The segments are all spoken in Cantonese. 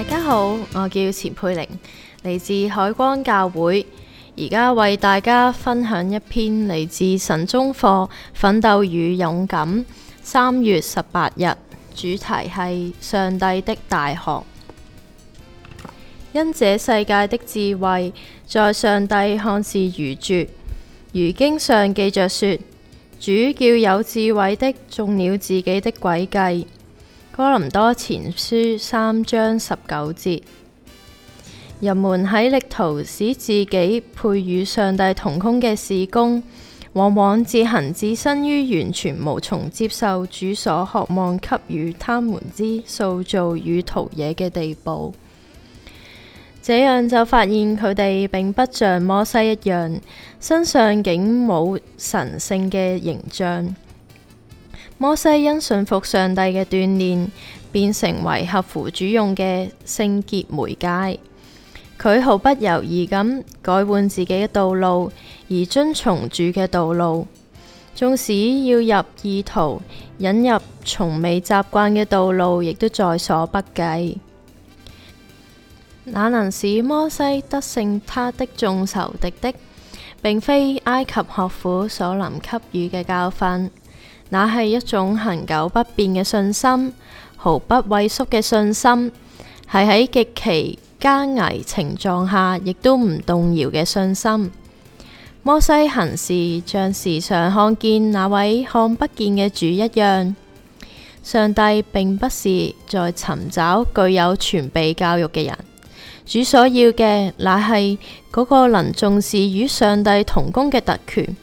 大家好，我叫錢佩玲，嚟自海光教會，而家為大家分享一篇嚟自神中課《奮鬥與勇敢》三月十八日，主題係上帝的大學。因這世界的智慧，在上帝看似愚拙，如經上記着說：主叫有智慧的中了自己的詭計。哥林多前書三章十九節：人們喺力圖使自己配與上帝同工嘅事工，往往自行置身於完全無從接受主所渴望給予他們之塑造與陶冶嘅地步。這樣就發現佢哋並不像摩西一樣，身上竟冇神聖嘅形象。摩西因信服上帝嘅鍛煉，變成為合乎主用嘅聖潔媒介。佢毫不猶豫咁改換自己嘅道路，而遵從主嘅道路。縱使要入異途，引入從未習慣嘅道路，亦都在所不計。那能使摩西得勝他的眾仇敵的，並非埃及學府所能給予嘅教訓。那係一種恒久不變嘅信心，毫不畏縮嘅信心，係喺極其艱危情狀下亦都唔動搖嘅信心。摩西行事，像時常看見那位看不見嘅主一樣。上帝並不是在尋找具有全備教育嘅人，主所要嘅，乃係嗰個能重視與上帝同工嘅特權。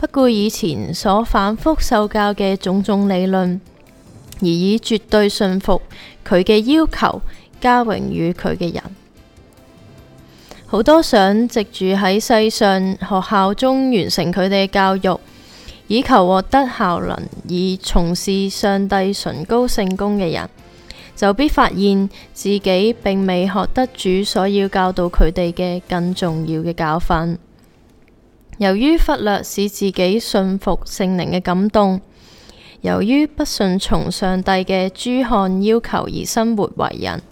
不顧以前所反覆受教嘅種種理論，而以絕對信服佢嘅要求加榮於佢嘅人。好多想藉住喺世上學校中完成佢哋嘅教育，以求獲得效能以從事上帝崇高聖工嘅人，就必發現自己並未學得主所要教導佢哋嘅更重要嘅教訓。由於忽略使自己信服聖靈嘅感動，由於不順從上帝嘅諸看要求而生活為人，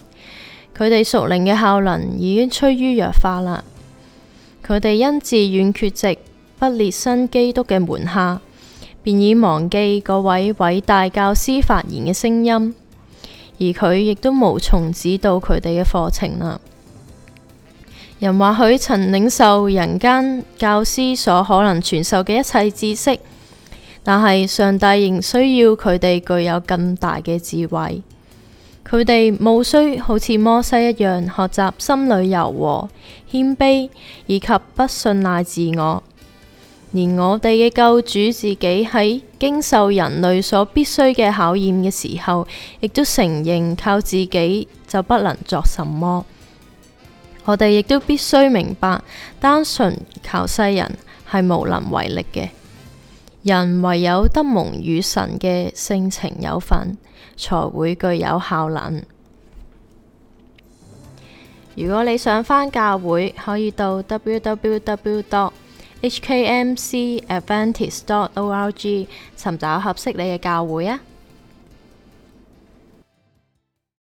佢哋屬靈嘅效能已經趨於弱化啦。佢哋因自願缺席不列新基督嘅門下，便已忘記嗰位偉大教師發言嘅聲音，而佢亦都無從指導佢哋嘅課程啦。人或許曾領受人間教師所可能傳授嘅一切知識，但係上帝仍需要佢哋具有更大嘅智慧。佢哋冇需好似摩西一樣學習心裏柔和、謙卑以及不信賴自我。連我哋嘅救主自己喺經受人類所必須嘅考驗嘅時候，亦都承認靠自己就不能作什麼。我哋亦都必須明白，單純靠世人係無能為力嘅。人唯有得蒙與神嘅性情有份，才會具有效能。如果你想返教會，可以到 w w w dot h k m c adventist dot o r g 尋找合適你嘅教會啊。